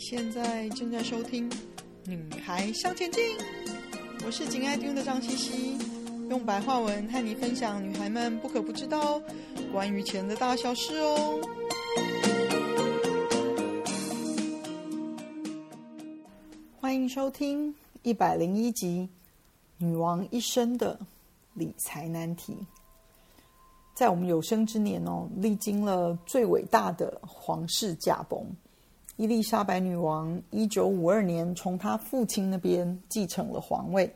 現在正在收聽《女孩向錢進》，我是緊愛聽的張茜茜，用白話文和你分享女孩們不可不知道關於錢的大小事哦。歡迎收聽一百零一集《女王一生的理財難題》。在我們有生之年哦，歷經了最偉大的皇室駕崩。伊麗莎白女王一九五二年從她父親那邊繼承了皇位，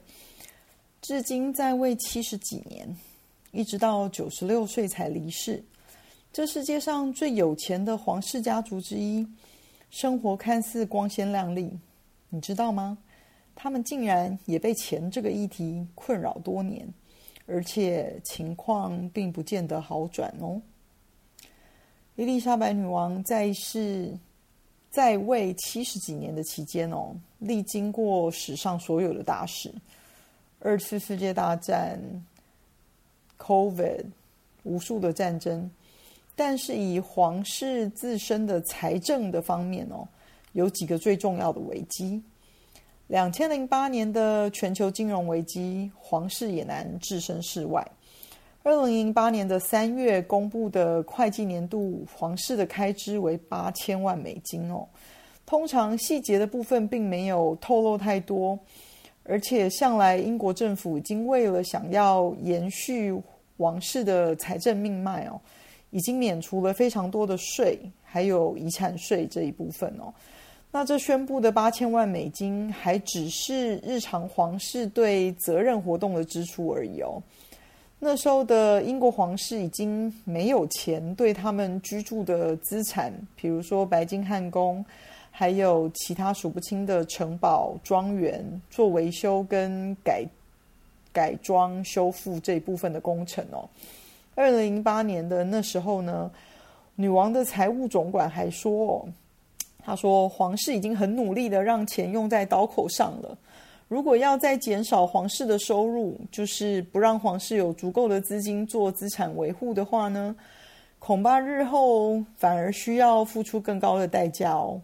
至今在位七十幾年，一直到九十六歲才離世。這世界上最有錢的皇室家族之一，生活看似光鮮亮麗，你知道嗎？他們竟然也被錢這個議題困擾多年，而且情況並不見得好轉哦。伊麗莎白女王在世。在位七十幾年的期間哦，歷經過史上所有的大事，二次世界大戰、COVID、無數的戰爭，但是以皇室自身的財政的方面哦，有幾個最重要的危機：兩千零八年的全球金融危機，皇室也難置身事外。二零零八年的三月公布的會計年度，皇室的開支為八千萬美金哦。通常細節的部分並沒有透露太多，而且向來英國政府已經為了想要延續皇室的財政命脈哦，已經免除了非常多的稅，還有遺產稅這一部分哦。那這宣布的八千萬美金還只是日常皇室對責任活動的支出而已哦。那時候的英國皇室已經沒有錢對他們居住的資產，比如說白金漢宮，還有其他數不清的城堡、莊園做維修跟改改裝修復這部分的工程哦。二零零八年的那時候呢，女王的財務總管還說哦，他說皇室已經很努力的讓錢用在刀口上了。如果要再減少皇室的收入，就是不讓皇室有足夠的資金做資產維護的話呢，恐怕日後反而需要付出更高的代價哦。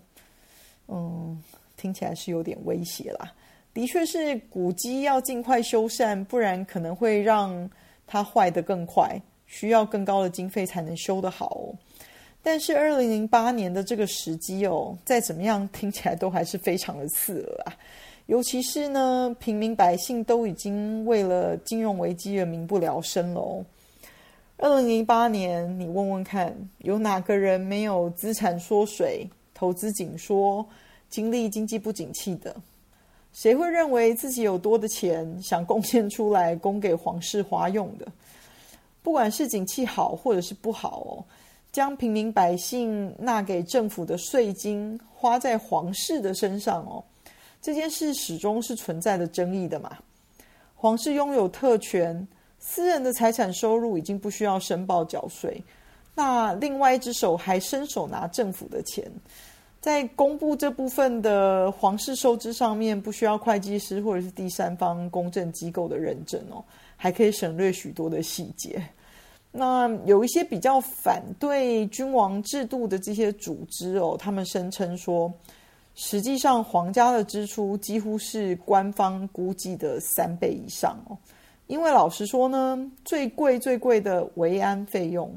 嗯，聽起來是有點威脅啦。的確是古迹要儘快修繕，不然可能會讓它壞得更快，需要更高的經費才能修得好哦。但是二零零八年的這個時機哦，再怎麼樣聽起來都還是非常的刺耳啊。尤其是呢，平民百姓都已經為了金融危機而民不聊生囉。二零零八年，你問問看，有哪個人沒有資產縮水、投資緊縮、經歷經濟不景氣的？誰會認為自己有多的錢想貢獻出來供給皇室花用的？不管是景氣好或者是不好哦，將平民百姓納給政府的稅金花在皇室的身上哦。這件事始終是存在的爭議的嘛。皇室擁有特權，私人的財產收入已經不需要申報繳稅。那另外一隻手還伸手拿政府的錢，在公布這部分的皇室收支上面，不需要會計師或者是第三方公證機構的認證哦，還可以省略許多的細節。那有一些比較反對君王制度的這些組織哦，他們聲稱說，實際上，皇家的支出幾乎是官方估計的三倍以上哦。因為老實說呢，最貴最貴的維安費用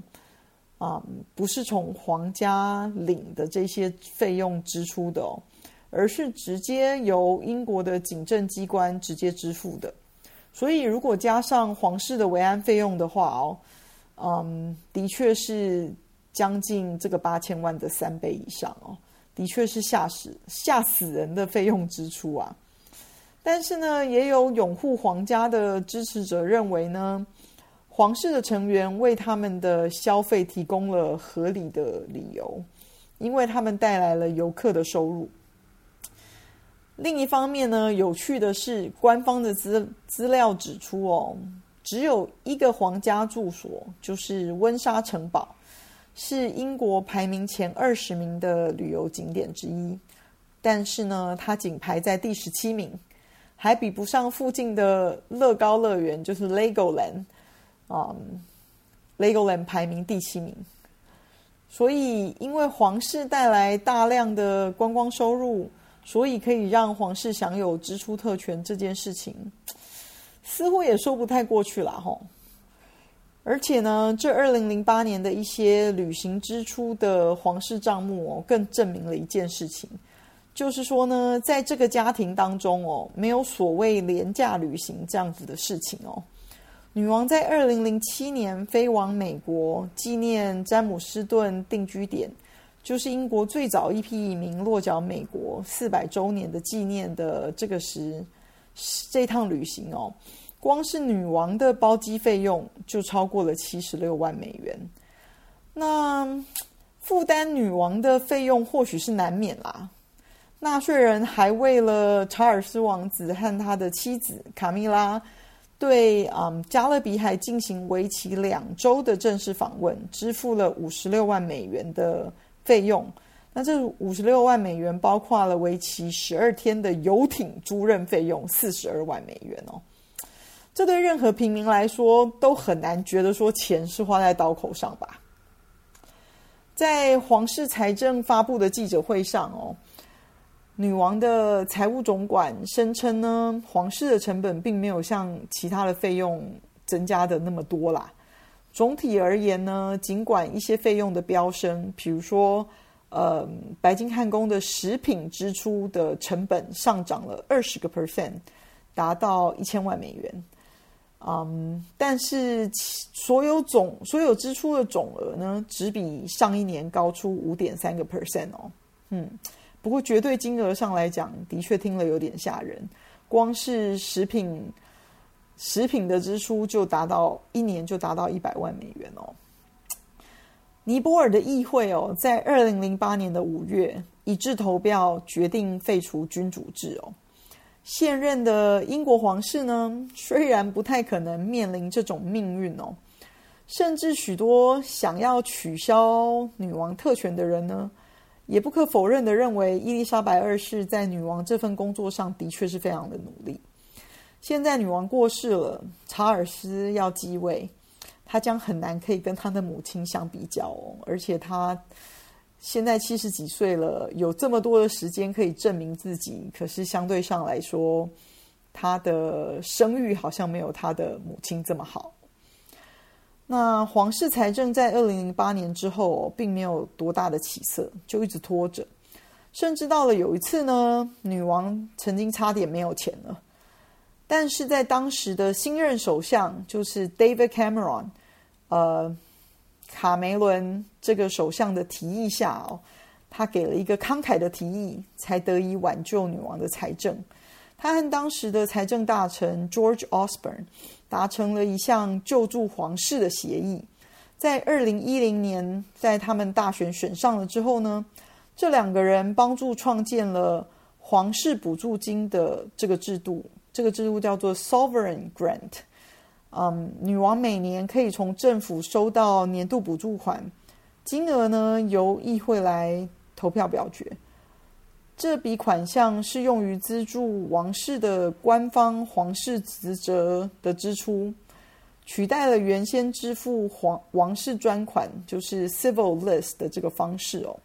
啊，嗯，不是從皇家領的這些費用支出的哦，而是直接由英國的警政機關直接支付的。所以，如果加上皇室的維安費用的話哦，嗯，的確是將近這個八千萬的三倍以上哦。的確是嚇死嚇死人的費用支出啊。但是呢，也有擁護皇家的支持者認為呢，皇室的成員為他們的消費提供了合理的理由，因為他們帶來了遊客的收入。另一方面呢，有趣的是，官方的資資料指出哦，只有一個皇家住所，就是溫莎城堡。是英國排名前二十名的旅遊景點之一，但是呢，它僅排在第十七名，還比不上附近的樂高樂園，就是 Legoland 啊，um，Legoland 排名第七名。所以，因為皇室帶來大量的觀光收入，所以可以讓皇室享有支出特權，這件事情似乎也說不太過去了，吼。而且呢，這二零零八年的一些旅行支出的皇室賬目哦，更證明了一件事情，就是說呢，在這個家庭當中哦，沒有所謂廉價旅行這樣子的事情哦。女王在二零零七年飛往美國紀念詹姆斯頓定居點，就是英國最早一批移民落腳美國四百週年的紀念的這個時，這趟旅行哦。光是女王的包機費用就超過了七十六萬美元，那負擔女王的費用或許是難免啦。納稅人還為了查爾斯王子和他的妻子卡米拉對加勒比海進行為期兩周的正式訪問，支付了五十六萬美元的費用。那這五十六萬美元包括了為期十二天的遊艇租賃費用四十二萬美元哦。這對任何平民來說都很難覺得說錢是花在刀口上吧？在皇室財政發布的記者會上，哦，女王的財務總管聲稱呢，皇室的成本並沒有像其他的費用增加的那麼多啦。總體而言呢，儘管一些費用的飆升，比如說，呃，白金漢宮的食品支出的成本上漲了二十個 percent，達到一千萬美元。嗯，um, 但是所有總所有支出的總額呢，只比上一年高出五點三個 percent 哦。嗯，不過絕對金額上來講，的確聽了有點嚇人。光是食品，食品的支出就達到一年就達到一百萬美元哦。尼泊爾的議會哦，在二零零八年的五月，一致投票決定廢除君主制哦。現任的英國皇室呢，雖然不太可能面臨這種命運哦，甚至許多想要取消女王特權的人呢，也不可否認的認為伊麗莎白二世在女王這份工作上的確是非常的努力。現在女王過世了，查爾斯要繼位，他將很難可以跟他的母親相比較哦，而且他。現在七十幾歲了，有這麼多的時間可以證明自己，可是相對上來說，他的聲譽好像沒有他的母親這麼好。那皇室財政在二零零八年之後並沒有多大的起色，就一直拖着，甚至到了有一次呢，女王曾經差點沒有錢了。但是在當時的新任首相就是 David Cameron，呃。卡梅倫這個首相的提議下哦，他給了一個慷慨的提議，才得以挽救女王的財政。他和當時的財政大臣 George Osborne 達成了一項救助皇室的協議。在二零一零年，在他們大選選上了之後呢，這兩個人幫助創建了皇室補助金的這個制度。這個制度叫做 Sovereign Grant。嗯，um, 女王每年可以從政府收到年度補助款，金額呢由議會來投票表決。這筆款項是用於資助王室的官方皇室職責的支出，取代了原先支付皇王室專款，就是 Civil List 的這個方式哦。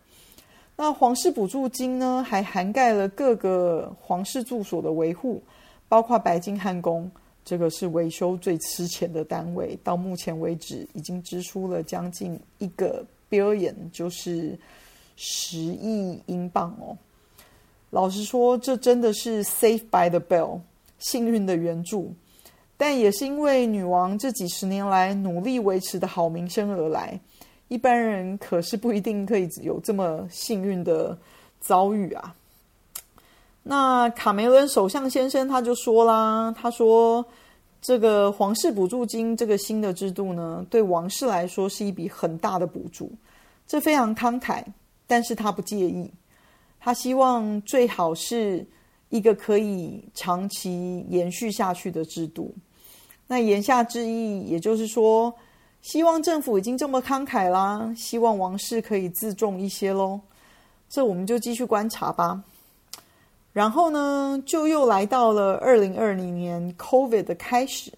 那皇室補助金呢，還涵蓋了各個皇室住所的維護，包括白金漢宮。這個是維修最吃錢的單位，到目前為止已經支出了將近一個 billion，就是十億英鎊哦。老實說，這真的是 safe by the bell，幸運的援助，但也是因為女王這幾十年來努力維持的好名聲而來。一般人可是不一定可以有這麼幸運的遭遇啊。那卡梅倫首相先生他就說啦，他說這個皇室補助金這個新的制度呢，對王室來說是一筆很大的補助，這非常慷慨，但是他不介意，他希望最好是一個可以長期延續下去的制度。那言下之意，也就是說，希望政府已經這麼慷慨啦，希望王室可以自重一些嘍。這我們就繼續觀察吧。然後呢，就又來到了二零二零年 COVID 的開始。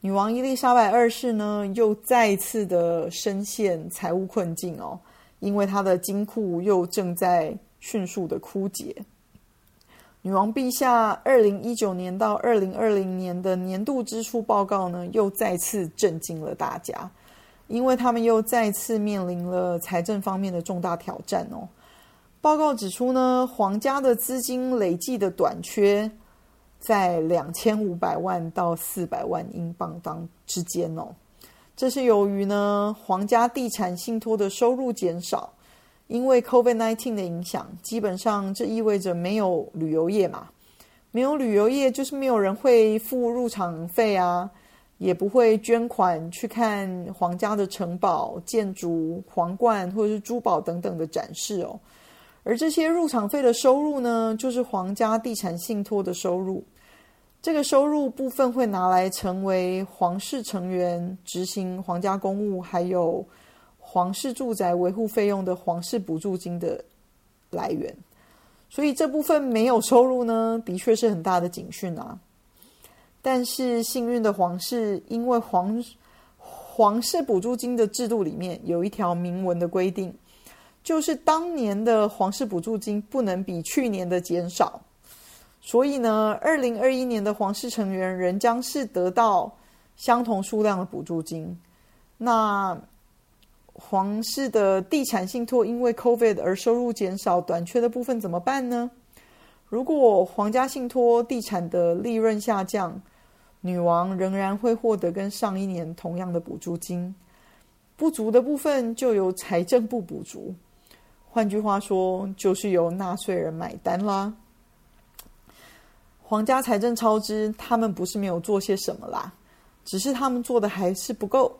女王伊麗莎白二世呢，又再次的深陷財務困境哦，因為她的金庫又正在迅速的枯竭。女王陛下二零一九年到二零二零年的年度支出報告呢，又再次震驚了大家，因為他們又再次面臨了財政方面的重大挑戰哦。報告指出呢，皇家的資金累計的短缺在兩千五百萬到四百萬英鎊當之間哦。這是由於呢，皇家地產信托的收入減少，因為 COVID-19 的影響，基本上這意味着沒有旅遊業嘛，沒有旅遊業就是沒有人會付入場費啊，也不會捐款去看皇家的城堡、建築、皇冠或者是珠寶等等的展示哦。而這些入場費的收入呢，就是皇家地產信託的收入。這個收入部分會拿來成為皇室成員執行皇家公務，還有皇室住宅維護費用的皇室補助金的來源。所以這部分沒有收入呢，的確是很大的警訊啊。但是幸運的皇室，因為皇皇室補助金的制度裡面有一條明文的規定，就是當年的皇室補助金不能比去年的減少，所以呢，二零二一年的皇室成員仍將是得到相同數量的補助金。那皇室的地產信託因為 COVID 而收入減少短缺的部分怎麼辦呢？如果皇家信託地產的利潤下降，女王仍然會獲得跟上一年同樣的補助金，不足的部分就由財政部補足。換句話說，就是由納稅人買單啦。皇家財政超支，他們不是沒有做些什麼啦，只是他們做的還是不夠。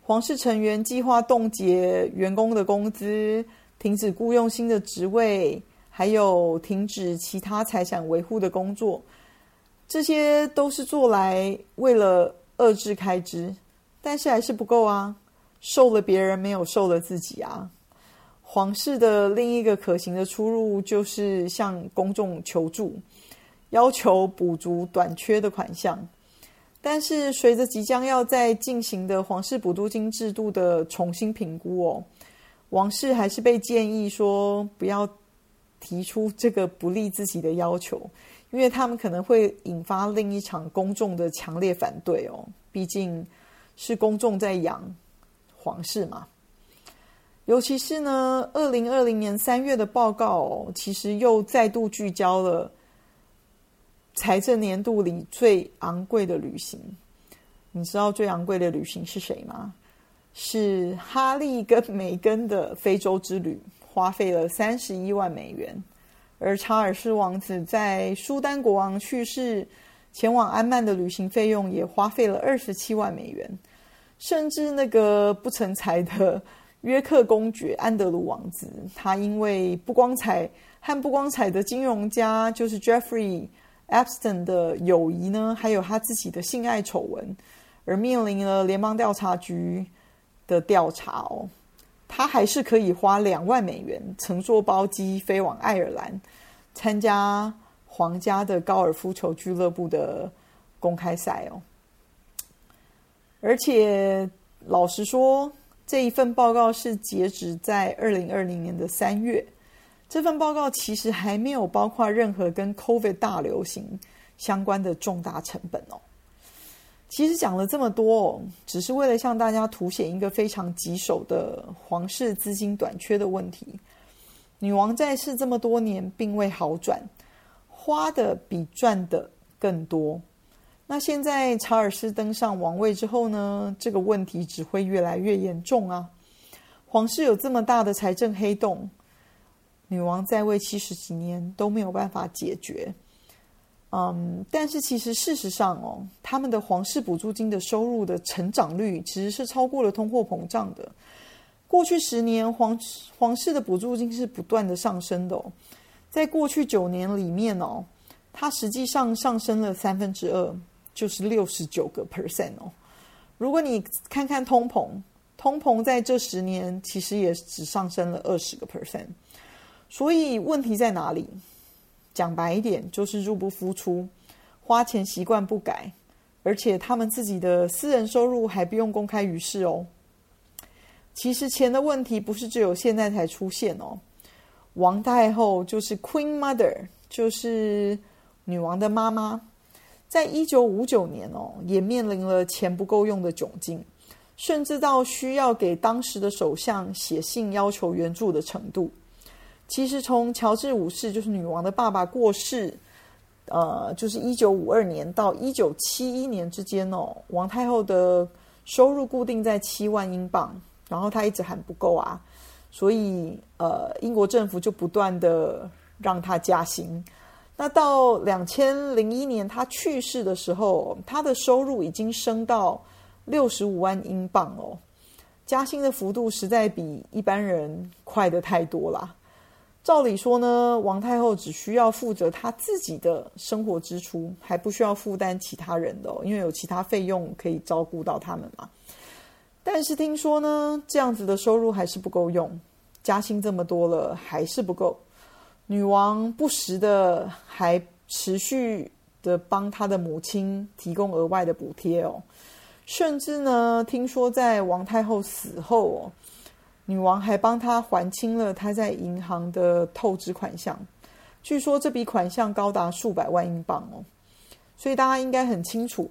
皇室成員計劃凍結員工的工資，停止僱傭新的職位，還有停止其他財產維護的工作，這些都是做來為了遏制開支，但是還是不夠啊！受了別人，沒有受了自己啊！皇室的另一個可行的出路就是向公衆求助，要求補足短缺的款項。但是，隨着即將要再進行的皇室補助金制度的重新評估哦，王室還是被建議說不要提出這個不利自己的要求，因為他們可能會引發另一場公衆的強烈反對哦。畢竟，是公衆在養皇室嘛。尤其是呢，二零二零年三月的報告，哦，其實又再度聚焦了財政年度裡最昂貴的旅行。你知道最昂貴的旅行是誰嗎？是哈利跟梅根的非洲之旅，花費了三十一萬美元。而查爾斯王子在蘇丹國王去世，前往安曼的旅行費用也花費了二十七萬美元。甚至那個不成才的。約克公爵安德魯王子，他因為不光彩和不光彩的金融家，就是 Jeffrey Epstein 的友誼呢，還有他自己的性愛醜聞，而面臨了聯邦調查局的調查哦。他還是可以花兩萬美元乘坐包機飛往愛爾蘭，參加皇家的高爾夫球俱樂部的公開賽哦。而且，老實說，這一份報告是截止在二零二零年的三月，這份報告其實還沒有包括任何跟 COVID 大流行相關的重大成本哦。其實講了這麼多，只是為了向大家凸顯一個非常棘手的皇室資金短缺的問題。女王在世這麼多年，並未好轉，花的比賺的更多。那現在查爾斯登上王位之後呢？這個問題只會越來越嚴重啊！皇室有這麼大的財政黑洞，女王在位七十幾年都沒有辦法解決。嗯，但是其實事實上哦，他們的皇室補助金的收入的成長率其實是超過了通貨膨脹的。過去十年皇皇室的補助金是不斷的上升的，哦，在過去九年裡面哦，它實際上上升了三分之二。就是六十九個 percent 哦。如果你看看通膨，通膨在這十年其實也只上升了二十個 percent。所以問題在哪裡？講白一點，就是入不敷出，花錢習慣不改，而且他們自己的私人收入還不用公開於世哦。其實錢的問題不是只有現在才出現哦。王太後就是 Queen Mother，就是女王的媽媽。在一九五九年哦，也面臨了錢不夠用的窘境，甚至到需要給當時的首相寫信要求援助的程度。其實從喬治五世，就是女王的爸爸過世，呃，就是一九五二年到一九七一年之間哦，王太後的收入固定在七萬英鎊，然後她一直喊不夠啊，所以呃，英國政府就不斷的讓她加薪。那到兩千零一年他去世的時候，他的收入已經升到六十五萬英鎊哦，加薪的幅度實在比一般人快得太多了。照理說呢，王太后只需要負責她自己的生活支出，還不需要負擔其他人的哦，因為有其他費用可以照顧到他們嘛。但是聽說呢，這樣子的收入還是不夠用，加薪這麼多了還是不夠。女王不時的還持續的幫她的母親提供額外的補貼哦，甚至呢，聽說在王太后死後哦，女王還幫她還清了她在銀行的透支款項，據說這筆款項高達數百萬英鎊哦，所以大家應該很清楚，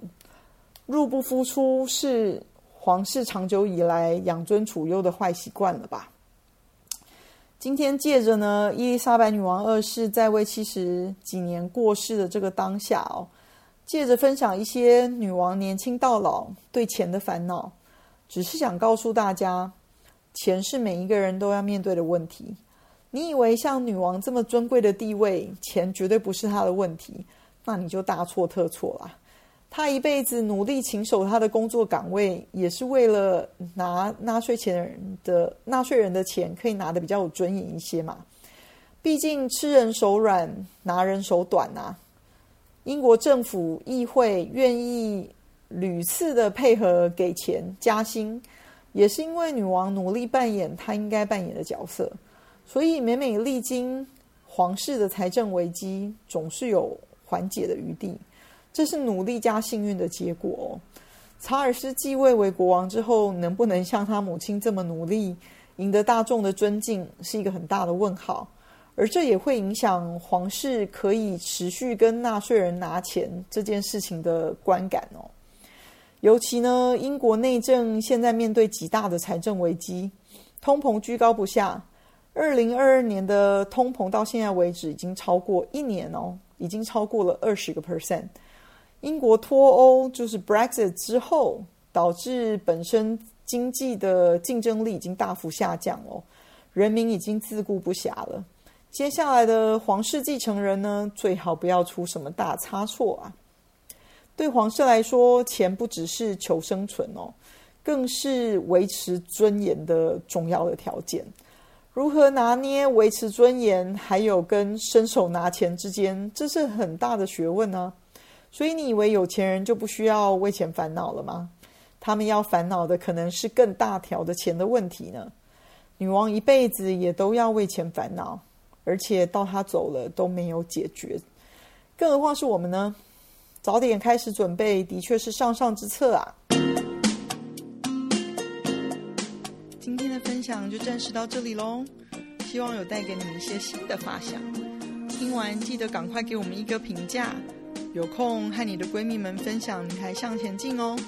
入不敷出是皇室長久以來養尊處優的壞習慣了吧。今天借着呢，伊麗莎白女王二世在位七十幾年過世的這個當下哦，借着分享一些女王年輕到老對錢的煩惱，只是想告訴大家，錢是每一個人都要面對的問題。你以為像女王這麼尊貴的地位，錢絕對不是她的問題，那你就大錯特錯啦。他一輩子努力勤守他的工作崗位，也是為了拿納稅錢的納稅人的錢可以拿得比較有尊嚴一些嘛。畢竟吃人手軟，拿人手短啊。英國政府議會願意屢次的配合給錢加薪，也是因為女王努力扮演她應該扮演的角色。所以每每歷經皇室的財政危機，總是有緩解的餘地。這是努力加幸運的結果哦。查爾斯繼位為國王之後，能不能像他母親這麼努力，贏得大眾的尊敬，是一個很大的問號。而這也會影響皇室可以持續跟納稅人拿錢這件事情的觀感哦。尤其呢，英國內政現在面對極大的財政危機，通膨居高不下。二零二二年的通膨到現在為止，已經超過一年哦，已經超過了二十個 percent。英國脫歐就是 Brexit 之後，導致本身經濟的競爭力已經大幅下降了，人民已經自顧不暇了。接下來的皇室繼承人呢，最好不要出什麼大差錯啊！對皇室來說，錢不只是求生存哦，更是維持尊嚴的重要的條件。如何拿捏維持尊嚴，還有跟伸手拿錢之間，這是很大的學問啊！所以你以為有錢人就不需要為錢煩惱了嗎？他們要煩惱的可能是更大條的錢的問題呢。女王一輩子也都要為錢煩惱，而且到她走了都沒有解決，更何況是我們呢？早點開始準備的確是上上之策啊！今天的分享就暫時到這裡嘍，希望有帶給你一些新的發想。聽完記得趕快給我們一個評價。有空和你的閨蜜們分享《女孩向錢進》哦。